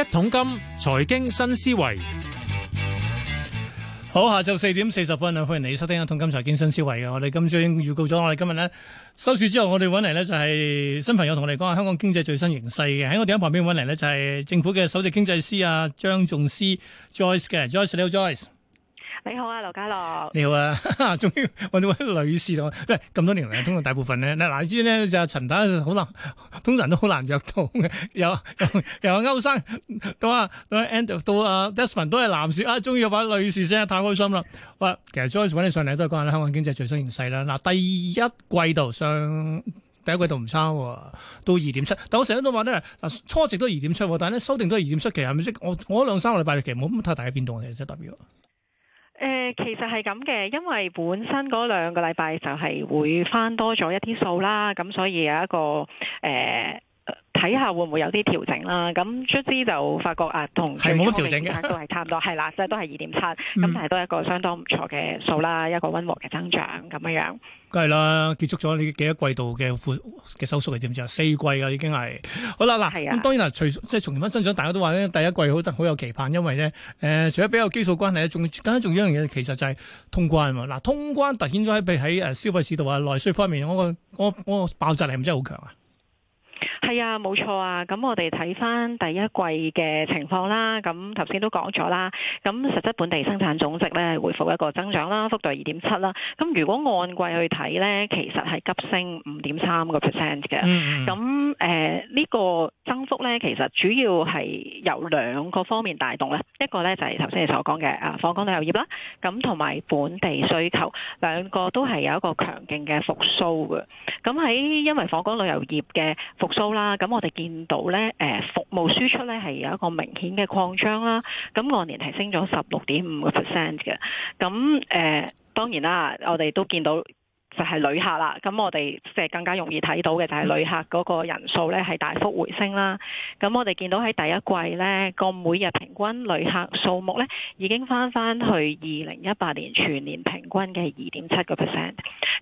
一桶金財經新思維，好，下晝四點四十分，歡迎你收聽一桶金財經新思維嘅。我哋今朝已經預告咗，我哋今日呢收市之後，我哋揾嚟呢就係新朋友同我哋講下香港經濟最新形勢嘅。喺我哋喺旁邊揾嚟呢就係政府嘅首席經濟師啊張頌詩 Joyce，嘅。Joyce 你好 Joyce。你好啊，劉家樂。你好啊，終於揾到位女士同咁多年嚟，通常大部分咧嗱，嗱之咧就陳太好難，通常都好難約到嘅。由由由歐生到啊，到 Andy 到啊，Desmond 都係男士啊，終於有位女士先太開心啦。話其實 Joyce 揾你上嚟都係講下香港經濟最新形勢啦。嗱，第一季度上第一季度唔差喎，到二點七。但我成日都話咧，初值都二點七，但係咧修訂都係二點七，其實係咪我我兩三個禮拜其實冇咁太大嘅變動嘅，真係代表。誒、呃、其實係咁嘅，因為本身嗰兩個禮拜就係會翻多咗一啲數啦，咁所以有一個誒、呃睇下會唔會有啲調整啦？咁出資就發覺啊，同係冇乜調整嘅 都係差唔多，係啦，即係都係二點七，咁但係都係一個相當唔錯嘅數啦，嗯、一個溫和嘅增長咁樣樣。梗係啦，結束咗你幾多季度嘅闊嘅收縮你知唔知啊？四季噶已經係好啦嗱。係啊。咁當然啦，隨即從年份增長，大家都話咧第一季好得好有期盼，因為咧誒、呃，除咗比較基數關係仲更加重要一樣嘢，其實就係通關。嗱，通關凸顯咗喺喺誒消費市道啊，內需方面，嗰個個爆炸力真係好強啊！係啊，冇錯啊。咁我哋睇翻第一季嘅情況啦。咁頭先都講咗啦。咁實質本地生產總值咧，回復一個增長啦，幅度係二點七啦。咁如果按季去睇咧，其實係急升五點三個 percent 嘅。咁誒，呢、嗯嗯呃呢個增幅咧，其實主要係由兩個方面帶動咧。一個咧就係頭先你所講嘅啊，訪港旅遊業啦。咁同埋本地需求，兩個都係有一個強勁嘅復蘇嘅。咁喺因為訪港旅遊業嘅復數啦，咁我哋見到咧，誒，服務輸出咧係有一個明顯嘅擴張啦，咁按年提升咗十六點五個 percent 嘅，咁誒，當然啦，我哋都見到。就係旅客啦，咁我哋即係更加容易睇到嘅就係旅客嗰個人數咧係大幅回升啦。咁我哋見到喺第一季咧個每日平均旅客數目咧已經返返去二零一八年全年平均嘅二點七個 percent。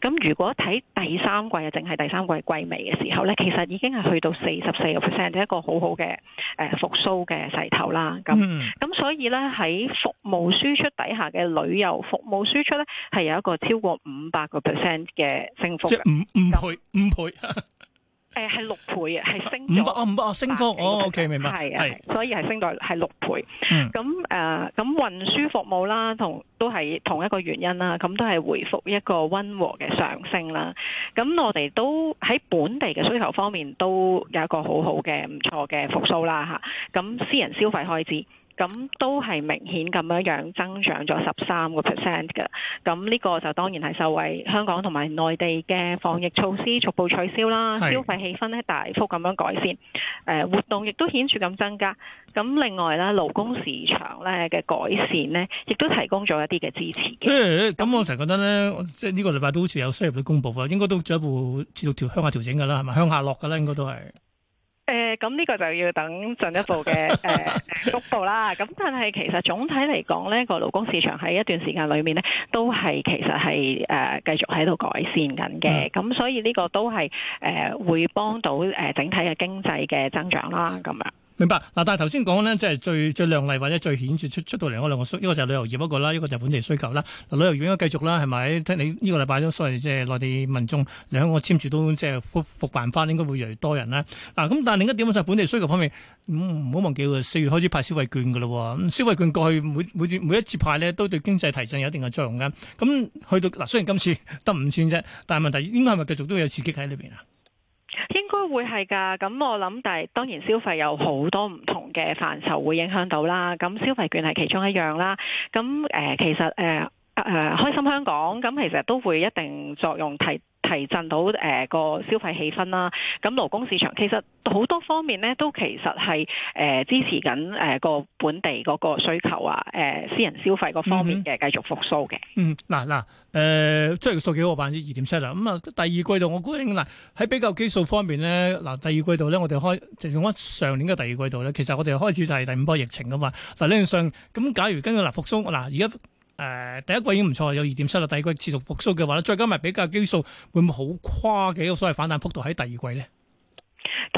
咁如果睇第三季啊，淨係第三季季尾嘅時候咧，其實已經係去到四十四個 percent，一個好好嘅誒復甦嘅勢頭啦。咁咁所以咧喺服務輸出底下嘅旅遊服務輸出咧係有一個超過五百個 percent。嘅升幅即係五倍五倍，誒係六倍 500, 500, 啊，係升五百哦五百哦升幅。我、哦、OK 明白係啊，所以係升到係六倍。咁誒，咁運輸服務啦，同都係同一個原因啦，咁都係回復一個溫和嘅上升啦。咁我哋都喺本地嘅需求方面都有一個好好嘅唔錯嘅復甦啦吓。咁私人消費開支。咁都係明顯咁樣樣增長咗十三個 percent 嘅，咁呢個就當然係受惠香港同埋內地嘅防疫措施逐步取消啦，是消費氣氛咧大幅咁樣改善，誒、呃、活動亦都顯著咁增加。咁另外咧，勞工市場咧嘅改善咧，亦都提供咗一啲嘅支持嘅。咁這樣 我成日覺得咧，即係呢個禮拜都好似有需入去公佈啊，應該都進一步持續調向下調整嘅啦，係咪向下落嘅啦？應該都係。誒，咁呢個就要等進一步嘅誒報告啦。咁但係其實總體嚟講呢，呢個勞工市場喺一段時間裏面呢，都係其實係誒繼續喺度改善緊嘅。咁所以呢個都係誒會幫到誒整體嘅經濟嘅增長啦。咁啊。明白嗱，但係頭先講咧，即係最最亮麗或者最顯著出出，出到嚟嗰兩個，一個就係旅遊業一個啦，一個就本地需求啦。嗱，旅遊業應該繼續啦，係咪？你、這、呢個禮拜都所謂即係內地民眾嚟香港簽住都即係復復辦翻，應該會越嚟越多人啦。嗱、啊，咁但係另一點喺就本地需求方面，唔、嗯、好忘記喎，四月開始派消費券噶咯喎，消費券過去每每每一節派咧，都對經濟提振有一定嘅作用嘅。咁、啊、去到嗱、啊，雖然今次得五千啫，但係問題應該係咪繼續都有刺激喺裏邊啊？應該會係㗎，咁我諗，但係當然消費有好多唔同嘅範疇會影響到啦。咁消費券係其中一樣啦。咁誒、呃，其實誒誒、呃呃，開心香港咁，其實都會一定作用提。提振到誒個消費氣氛啦，咁勞工市場其實好多方面咧，都其實係誒支持緊誒個本地嗰個需求啊，誒私人消費嗰方面嘅繼續復甦嘅。嗯，嗱嗱誒，即係數幾個百分之二點七啦。咁啊、呃嗯，第二季度我估，嗱喺比較基數方面咧，嗱第二季度咧，我哋開就用咗上年嘅第二季度咧，其實我哋開始就係第五波疫情啊嘛。嗱，理論上咁，假如跟住嗱復甦嗱而家。誒、呃、第一季已經唔錯，有二點七啦。第二季持續復甦嘅話，咧，再加埋比較基數，會唔會好誇嘅一個所謂反彈幅度喺第二季咧？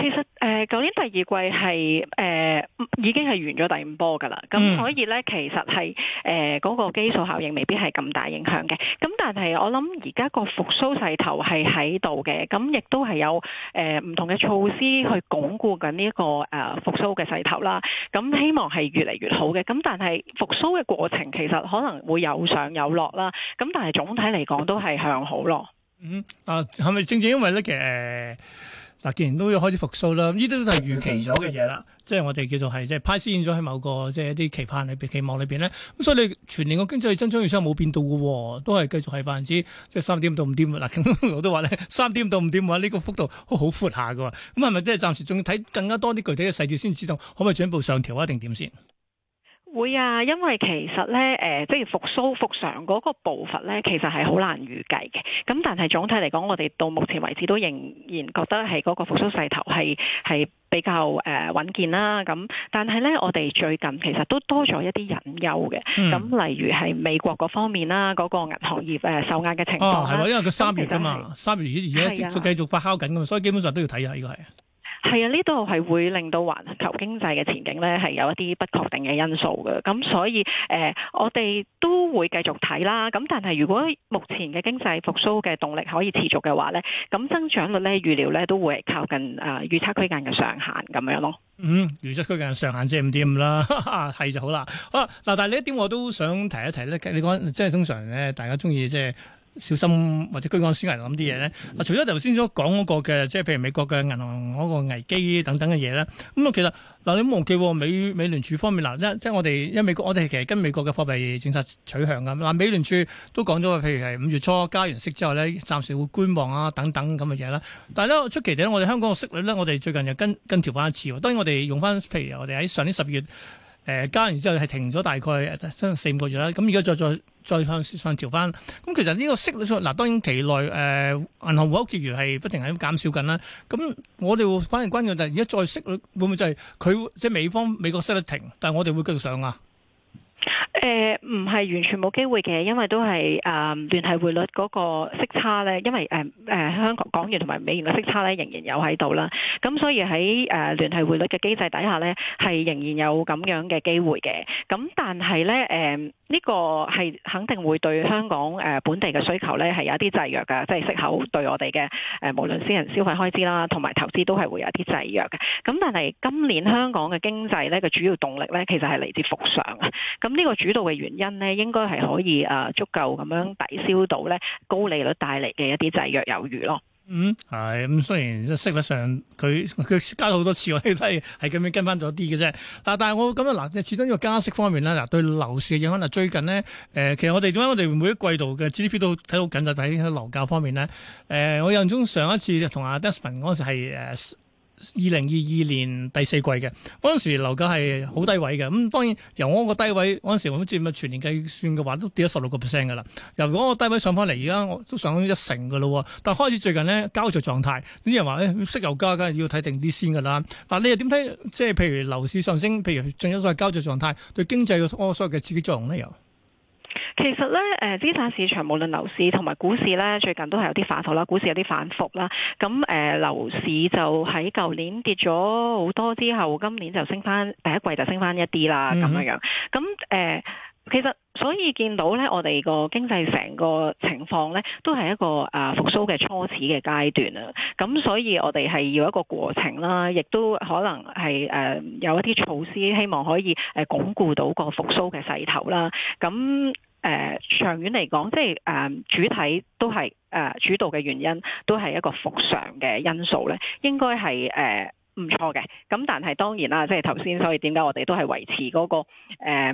其實誒，舊、呃、年第二季係誒、呃、已經係完咗第五波噶啦，咁所以咧，其實係誒嗰個基數效應未必係咁大影響嘅。咁但係我諗而家個復蘇勢頭係喺度嘅，咁亦都係有誒唔、呃、同嘅措施去鞏固緊呢一個誒復蘇嘅勢頭啦。咁希望係越嚟越好嘅。咁但係復蘇嘅過程其實可能會有上有落啦。咁但係總體嚟講都係向好咯。嗯，啊係咪正正因為咧嘅？呃嗱，既然都要開始復甦啦，呢啲都係預期咗嘅嘢啦， 即係我哋叫做係即係派先咗喺某個即係一啲期盼裏邊、期望裏邊咧，咁所以你全年個經濟增長預測冇變到嘅喎，都係繼續係百分之即係三點到五點。嗱、啊， 我都話咧，三點到五點話呢、呢個幅度好闊下嘅，咁係咪即係暫時仲要睇更加多啲具體嘅細節先知道可唔可以進一步上調啊？一定點先？會啊，因為其實咧，誒、呃，即係復甦復常嗰個步伐咧，其實係好難預計嘅。咁但係總體嚟講，我哋到目前為止都仍然覺得係嗰個復甦勢頭係比較誒、呃、穩健啦。咁但係咧，我哋最近其實都多咗一啲隱憂嘅。咁、嗯、例如係美國嗰方面啦，嗰、嗰個銀行業誒受壓嘅情況啦，因為佢三月㗎嘛，三月而而家仲繼續發酵緊㗎嘛，的所以基本上都要睇下，依個係。係啊，呢度係會令到環球經濟嘅前景咧，係有一啲不確定嘅因素嘅。咁所以，誒、呃，我哋都會繼續睇啦。咁但係，如果目前嘅經濟復甦嘅動力可以持續嘅話咧，咁增長率咧，預料咧都會係靠近誒預測區間嘅上限咁樣咯。嗯，預測區間上限即係咁啲咁啦，係就好，好啦。好嗱，但係呢一點我都想提一提咧。你講即係通常咧，大家中意即係。小心或者居安思危諗啲嘢咧。嗱，除咗頭先所講嗰個嘅，即係譬如美國嘅銀行嗰個危機等等嘅嘢咧。咁啊，其實嗱，你唔好忘記，美美聯儲方面嗱，即即我哋因為美國，我哋其實跟美國嘅貨幣政策取向噶。嗱，美聯儲都講咗譬如係五月初加完息之後咧，暫時會觀望啊等等咁嘅嘢啦。但係咧出奇地我哋香港嘅息率咧，我哋最近又跟跟調翻一次。當然我哋用翻譬如我哋喺上年十月。誒加完之後係停咗大概差四五個月啦，咁而家再再再向再向調翻，咁其實呢個息率率嗱當然期內誒、呃、銀行戶口結餘係不停係咁減少緊啦，咁我哋反而關鍵就係而家再息率會唔會就係佢即係美方美國息率停，但係我哋會繼續上啊？誒唔係完全冇機會嘅，因為都係誒、呃、聯繫匯率嗰個息差咧，因為誒誒、呃呃、香港港元同埋美元嘅息差咧仍然有喺度啦，咁所以喺誒、呃、聯繫匯率嘅機制底下咧，係仍然有咁樣嘅機會嘅，咁但係咧誒。呃呢個係肯定會對香港誒本地嘅需求咧係有一啲制約㗎，即係息口對我哋嘅誒無論私人消費開支啦，同埋投資都係會有一啲制約嘅。咁但係今年香港嘅經濟咧嘅主要動力咧，其實係嚟自復常。啊。咁呢個主導嘅原因咧，應該係可以誒足夠咁樣抵消到咧高利率帶嚟嘅一啲制約有餘咯。嗯，係，咁、嗯、雖然息率上佢佢加咗好多次，我哋都係喺咁樣跟翻咗啲嘅啫。嗱、啊，但係我咁啊，嗱，始終呢個加息方面咧，嗱、啊，對樓市嘅影響，嗱，最近咧，誒，其實我哋點解我哋每一季度嘅 GDP 都睇到緊就喺樓價方面咧，誒、啊，我印象中上一次就同阿 Desmond 嗰陣係二零二二年第四季嘅嗰陣時，樓價係好低位嘅。咁、嗯、當然由我個低位嗰陣時，我諗住咪全年計算嘅話，都跌咗十六個 percent 嘅啦。由我個低位上翻嚟，而家我都上咗一成嘅咯。但係開始最近咧膠著狀態，啲人話咧石油價梗係要睇定啲先嘅啦。嗱，你又點睇？即係譬如樓市上升，譬如仲有所有膠著狀態，對經濟嘅所謂嘅刺激作用咧又？其實咧，誒資產市場無論樓市同埋股市咧，最近都係有啲反覆啦，股市有啲反覆啦。咁誒樓市就喺舊年跌咗好多之後，今年就升翻，第一季就升翻一啲啦，咁樣樣。咁、嗯、誒、呃，其實所以見到咧，我哋個經濟成個情況咧，都係一個啊、呃、復甦嘅初始嘅階段啦。咁、嗯、所以我哋係要一個過程啦，亦都可能係誒、呃、有一啲措施，希望可以誒鞏、呃、固到個復甦嘅勢頭啦。咁、嗯嗯誒、呃，長遠嚟講，即係誒、呃、主體都係誒、呃、主導嘅原因，都係一個復常嘅因素咧，應該係誒唔錯嘅。咁、呃、但係當然啦，即係頭先，所以點解我哋都係維持嗰、那個誒。呃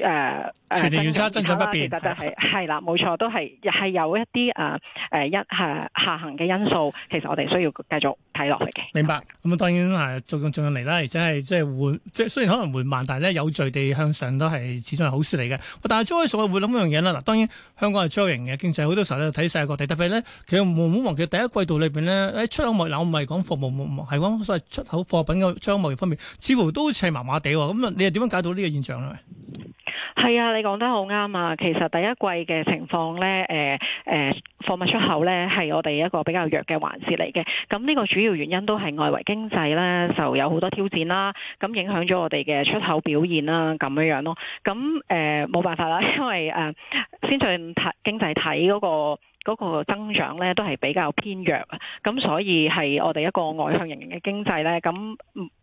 誒、呃呃、全年預差增長不變，係啦加，冇、就是、 錯，都係係有一啲誒誒一誒、啊、下行嘅因素。其實我哋需要繼續睇落去嘅。明白咁啊，當然係逐漸進嚟啦，而且係即係緩即係雖然可能緩慢，但係咧有序地向上都係始終係好事嚟嘅。但係 Joyce，我會諗一樣嘢啦。嗱，當然香港係 Joy 型嘅經濟，好多時候咧睇世界各地，特別咧其實冇冇忘記第一季度裏邊咧喺出口貿易，嗱我唔係講服務貿易，係講所謂出口貨品嘅商品貿易方面，似乎都係麻麻地咁，你係點樣解到呢個現象咧？係啊，你講得好啱啊！其實第一季嘅情況咧，誒誒貨物出口咧係我哋一個比較弱嘅環節嚟嘅。咁呢個主要原因都係外圍經濟咧就有好多挑戰啦，咁影響咗我哋嘅出口表現、啊、啦，咁樣樣咯。咁誒冇辦法啦，因為誒、呃、先進經濟體嗰、那個嗰個。嗰個增長咧都係比較偏弱，咁所以係我哋一個外向型嘅經濟咧，咁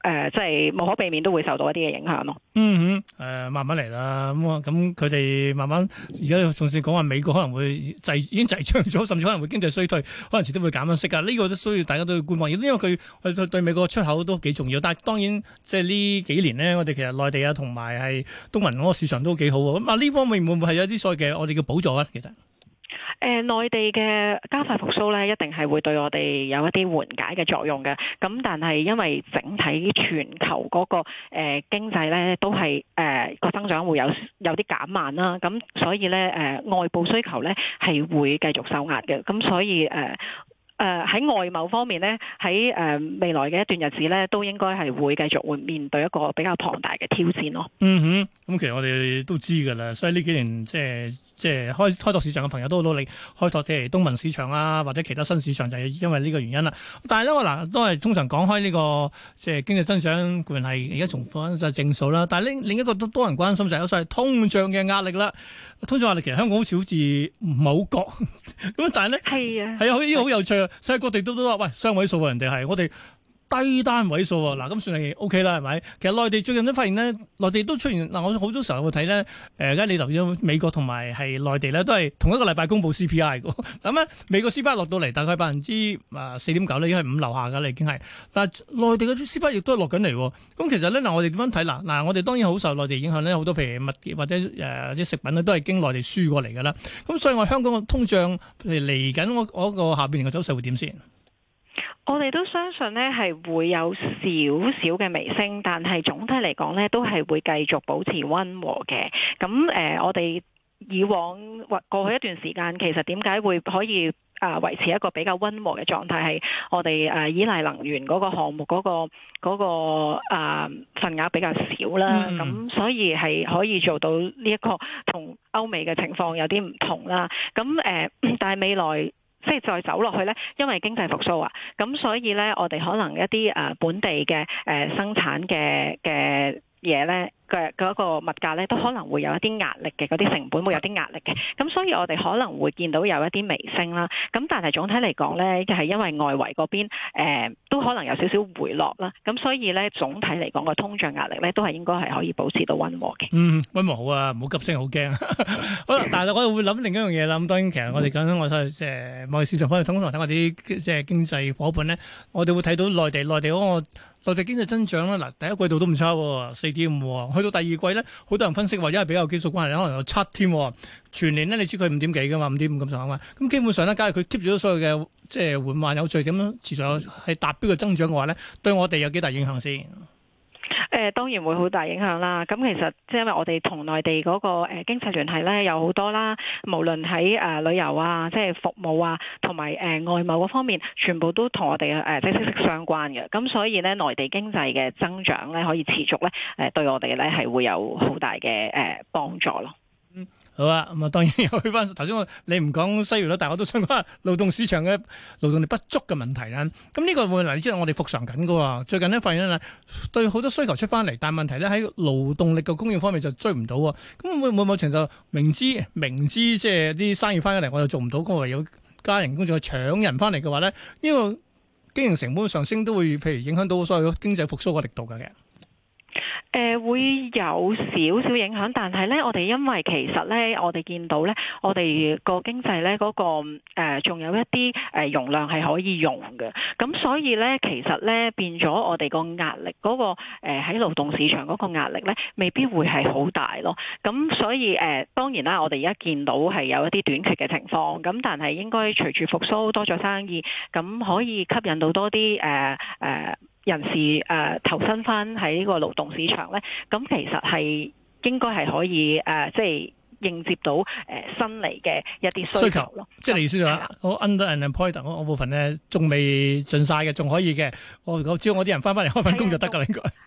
誒即係無可避免都會受到一啲嘅影響咯。嗯哼，誒慢慢嚟啦，咁啊，咁佢哋慢慢而家仲算講話美國可能會滯已經滯脹咗，甚至可能會經濟衰退，可能遲啲會減緊息噶。呢個都需要大家都要觀望，因因為佢對對美國出口都幾重要。但係當然即係呢幾年咧，我哋其實內地啊，同埋係東盟市場都幾好啊。咁啊，呢方面會唔會係有啲所謂嘅我哋叫補助啊？其實？誒、呃，內地嘅加快復蘇咧，一定係會對我哋有一啲緩解嘅作用嘅。咁但係因為整體全球嗰、那個誒、呃、經濟咧都係誒個增長會有有啲減慢啦，咁、啊、所以咧誒、呃、外部需求咧係會繼續受壓嘅。咁、啊、所以誒。呃誒喺、呃、外貿方面咧，喺誒、呃、未來嘅一段日子咧，都應該係會繼續會面對一個比較龐大嘅挑戰咯。 嗯哼，咁其實我哋都知㗎啦，所以呢幾年即係即係開開拓市場嘅朋友都好努力開拓啲東盟市場啊，或者其他新市場，就係、是、因為呢個原因啦。但係咧，我嗱都係通常講開呢個即係經濟增長固然係而家重返番晒正數啦，但係另另一個都多人關心就係所謂通脹嘅壓力啦。通脹壓力其實香港好似好似唔係好覺，咁 但係咧係啊係啊，好有趣。世界各地都都話：喂，雙位數啊！人哋係我哋。低單位數喎，嗱咁算係 OK 啦，係咪？其實內地最近都發現咧，內地都出現嗱，我好多時候我睇咧，誒、呃，而家你留意咗美國同埋係內地咧，都係同一個禮拜公佈 CPI 嘅。咁咧，美國 CPI 落到嚟大概百分之啊四點九咧，已經係五樓下㗎啦，已經係。但係內地嘅 CPI 亦都係落緊嚟。咁其實咧，嗱我哋點樣睇？嗱嗱，我哋當然好受內地影響咧，好多譬如物業或者誒啲食品咧，都係經內地輸過嚟㗎啦。咁所以我香港嘅通脹譬如嚟緊，我我個下邊嘅走勢會點先？我哋都相信呢係會有少少嘅微升，但係總體嚟講呢都係會繼續保持溫和嘅。咁誒、呃，我哋以往或過去一段時間，其實點解會可以啊維、呃、持一個比較溫和嘅狀態？係我哋誒、呃、依賴能源嗰個項目嗰、嗰個嗰份額比較少啦。咁、嗯、所以係可以做到呢、呢、一個同歐美嘅情況有啲唔同啦。咁誒、呃，但係未來。即係再走落去呢，因為經濟復甦啊，咁所以呢，我哋可能一啲誒本地嘅誒生產嘅嘅嘢呢。嗰個物價咧，都可能會有一啲壓力嘅，嗰啲成本會有啲壓力嘅。咁所以我哋可能會見到有一啲微升啦。咁但係總體嚟講咧，就係因為外圍嗰邊、呃、都可能有少少回落啦。咁所以咧，總體嚟講個通脹壓力咧，都係應該係可以保持到溫和嘅。嗯，溫和好啊，唔 好急升，好驚。好啦，但係我又會諗另一樣嘢啦。咁當然其實我哋講我睇即係我哋市場，我哋通常睇我哋即係經濟伙伴咧，我哋會睇到內地內地嗰個、哦、內地經濟增長啦。嗱，第一季度都唔差喎，四點五。去到第二季咧，好多人分析話，因為比較基數關係，可能有七添啊。全年咧，你知佢五點幾噶嘛？五點五咁上下嘛。咁基本上咧，假如佢 keep 住咗所有嘅即係緩慢有序咁，事實上係達標嘅增長嘅話咧，對我哋有幾大影響先？誒、呃，當然會好大影響啦。咁其實即係因為我哋同內地嗰、那個誒、呃、經濟聯繫咧有好多啦，無論喺誒旅遊啊，即、呃、係、呃、服務啊，同埋誒外貿嗰方面，全部都同我哋誒即係息息相關嘅。咁、嗯、所以咧，內地經濟嘅增長咧可以持續咧，誒、呃、對我哋咧係會有好大嘅誒幫助咯。好啦，咁啊，嗯、當然又去翻頭先，我你唔講西元啦，但係我都想講勞動市場嘅勞動力不足嘅問題啦。咁呢個會嚟，你知道我哋復常緊噶喎。最近呢發現咧，對好多需求出翻嚟，但係問題咧喺勞動力嘅供應方面就追唔到。咁會唔會某程度明知明知，即係啲生意翻咗嚟，我又做唔到，咁唯有加人工再搶人翻嚟嘅話咧，呢個經營成本上升都會，譬如影響到所有經濟復甦嘅力度嘅。誒、呃、會有少少影響，但係咧，我哋因為其實咧，我哋見到咧，我哋個經濟咧嗰、那個仲、呃、有一啲誒容量係可以用嘅，咁所以咧，其實咧變咗我哋個壓力嗰、那個喺、呃、勞動市場嗰個壓力咧，未必會係好大咯。咁所以誒、呃，當然啦，我哋而家見到係有一啲短缺嘅情況，咁但係應該隨住復甦多咗生意，咁可以吸引到多啲誒誒、呃呃人士誒、呃、投身翻喺呢個勞動市場咧，咁、嗯、其實係應該係可以誒、呃，即係應接到誒、呃、新嚟嘅一啲需求咯。求嗯、即係意思話，嗯、我 underemployment 我部分咧仲未盡晒嘅，仲可以嘅。我只要我啲人翻返嚟開份工就得噶啦，應該該。嗯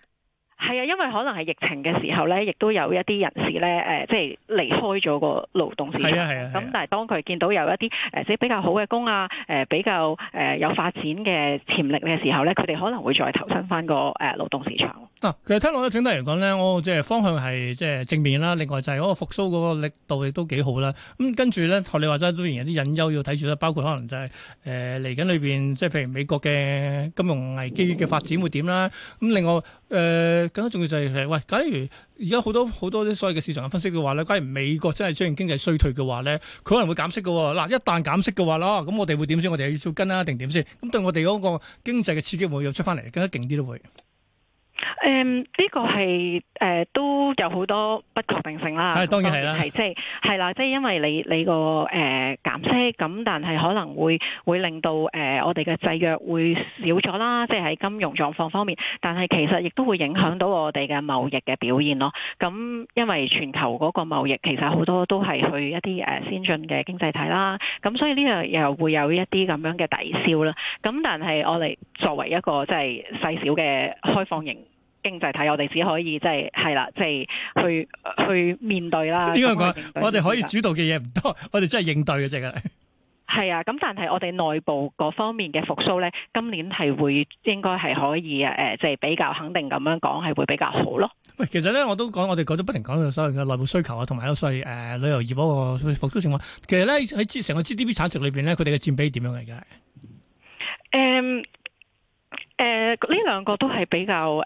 係啊，因為可能係疫情嘅時候咧，亦都有一啲人士咧，誒、呃，即係離開咗個勞動市場。係啊係啊。咁但係當佢見到有一啲誒即係比較好嘅工啊，誒比較誒有發展嘅潛力嘅時候咧，佢哋可能會再投身返個誒勞動市場。嗱、啊，其實聽落咧，整體嚟講咧，我即係方向係即係正面啦。另外就係嗰個復甦嗰個力度亦都幾好啦。咁跟住咧，學你話齋都仍然有啲隱憂要睇住啦。包括可能就係誒嚟緊裏邊，即、呃、係譬如美國嘅金融危機嘅發展會點啦。咁另外誒、呃、更加重要就係、是、喂，假如而家好多好多啲所謂嘅市場分析嘅話咧，假如美國真係出現經濟衰退嘅話咧，佢可能會減息嘅喎。嗱、啊，一旦減息嘅話咯，咁我哋會點先？我哋要跟啊，定點先？咁對我哋嗰個經濟嘅刺激會又出翻嚟，更加勁啲都會。誒，呢、um, 個係誒、呃、都有好多不確定性啦。係當然係啦，係即係係啦，即、就、係、是、因為你你個誒、呃、減息，咁但係可能會會令到誒、呃、我哋嘅制約會少咗啦。即、就、係、是、喺金融狀況方面，但係其實亦都會影響到我哋嘅貿易嘅表現咯。咁因為全球嗰個貿易其實好多都係去一啲誒先進嘅經濟體啦，咁所以呢個又會有一啲咁樣嘅抵消啦。咁但係我哋作為一個即係細小嘅開放型。經濟體，我哋只可以即係係啦，即係去去面對啦。應該講，我哋可以主導嘅嘢唔多，我哋真係應對嘅啫。係 啊，咁但係我哋內部嗰方面嘅復甦咧，今年係會應該係可以啊即係比較肯定咁樣講，係會比較好咯。喂，其實咧我都講，我哋講咗不停講咗所謂嘅內部需求啊，同埋有所謂誒、呃、旅遊業嗰個復甦情況。其實咧喺成個 GDP 產值裏邊咧，佢哋嘅佔比點樣嚟嘅？誒、嗯。呢兩個都係比較誒誒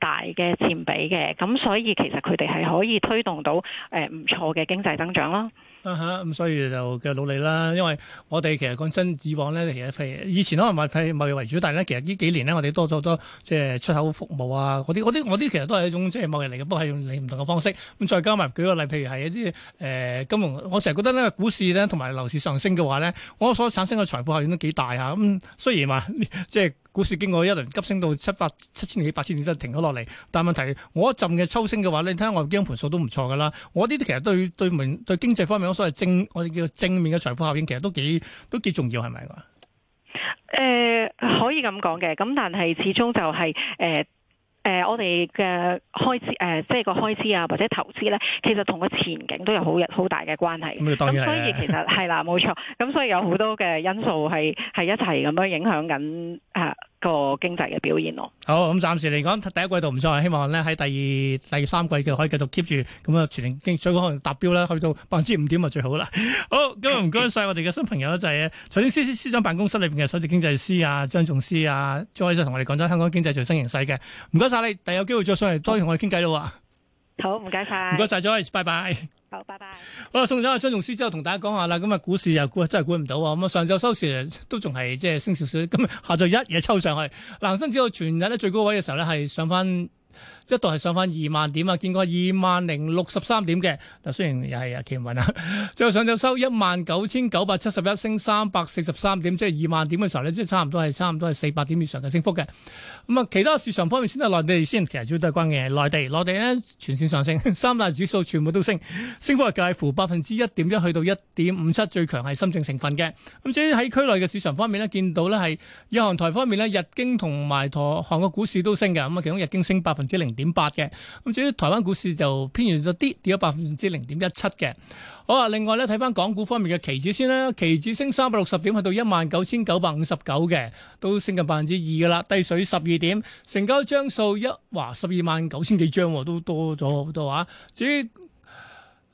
大嘅佔比嘅，咁所以其實佢哋係可以推動到誒唔錯嘅經濟增長啦。咁、啊嗯、所以就繼續努力啦，因為我哋其實講真，以往咧其實係以前可能賣係貿易為主，但係咧其實呢幾年咧，我哋多咗好多即係出口服務啊嗰啲，嗰啲嗰啲其實都係一種即係貿易嚟嘅，不過係用你唔同嘅方式。咁再加埋舉個例，譬如係一啲誒、呃、金融，我成日覺得咧股市咧同埋樓市上升嘅話咧，我所產生嘅財富效應都幾大嚇。咁、嗯、雖然話即係。股市經過一輪急升到七百七千幾八千點都停咗落嚟，但係問題我一陣嘅抽升嘅話咧，你睇下我基金盤數都唔錯噶啦。我呢啲其實對對面對，對經濟方面嗰所謂正我哋叫正面嘅財富效應，其實都幾都幾重要，係咪啊？誒、呃，可以咁講嘅，咁但係始終就係誒誒，我哋嘅開支誒、呃，即係個開支啊或者投資咧，其實同個前景都有好好大嘅關係。咁所以其實係啦，冇錯。 咁所以有好多嘅因素係係一齊咁樣影響緊。誒、啊，個經濟嘅表現咯。好，咁、嗯、暫時嚟講，第一季度唔錯，希望咧喺第二、第二三季嘅可以繼續 keep 住咁啊，全年經，最高可能達標啦，去到百分之五點啊，最好啦。好，今日唔該晒我哋嘅新朋友咧，就係財政司司長辦公室裏邊嘅首席經濟師啊張頌詩啊 Joyce 同我哋講咗香港經濟最新形勢嘅，唔該晒你，第有機會再上嚟多同我哋傾偈咯。好，唔該晒，唔該晒，Joyce，拜拜。好，拜拜。好啦，送走阿張頌詩之後，同大家講下啦。咁啊，股市又估，真係估唔到啊。咁啊，上晝收市都仲係即係升少少。咁下晝一嘢抽上去，藍星指數全日呢最高位嘅時候呢係上返。一度係上翻，二萬點啊，見過二萬零六十三點嘅，但雖然又係啊企唔穩啊，最後上晝收一萬九千九百七十一，升三百四十三點，即係二萬點嘅時候呢即係差唔多係差唔多係四百點以上嘅升幅嘅。咁啊，其他市場方面先睇內地先，其實主要都係關嘅內地。內地呢全線上升，三大指數全部都升，升幅係介乎百分之一點一去到一點五七，最強係深證成分嘅。咁至於喺區內嘅市場方面呢見到呢係日韓台方面呢日經同埋台韓國股市都升嘅，咁啊其中日經升百分之零，點八嘅，咁至於台灣股市就偏弱咗啲，跌咗百分之零點一七嘅。好啊，另外咧睇翻港股方面嘅期指先啦，期指升三百六十點，去到一萬九千九百五十九嘅，都升近百分之二噶啦，低水十二點，成交張數一哇十二萬九千幾張，都多咗好多,多,多啊。至於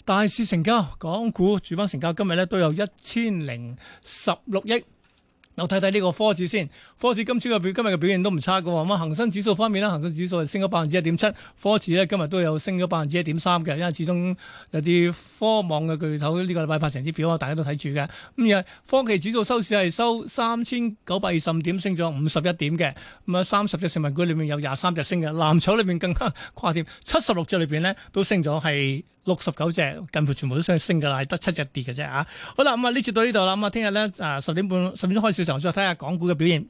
大市成交，港股主板成交今日咧都有一千零十六億。我睇睇呢個科指先，科指今朝嘅表今日嘅表現都唔差嘅喎。咁啊，恆生指數方面咧，恆生指數係升咗百分之一點七，科指咧今日都有升咗百分之一點三嘅。因為始終有啲科網嘅巨頭呢個禮拜派成績表啊，大家都睇住嘅。咁啊，科技指數收市係收三千九百二十五點，升咗五十一點嘅。咁啊，三十隻成分股裏面有廿三隻升嘅，藍籌裏面更加誇張，七十六隻裏邊咧都升咗係。六十九隻，近乎全部都上升升嘅啦，得七隻跌嘅啫啊！好啦，咁啊呢次到呢度啦，咁啊聽日咧啊十點半十點鐘開市嘅時候再睇下港股嘅表現。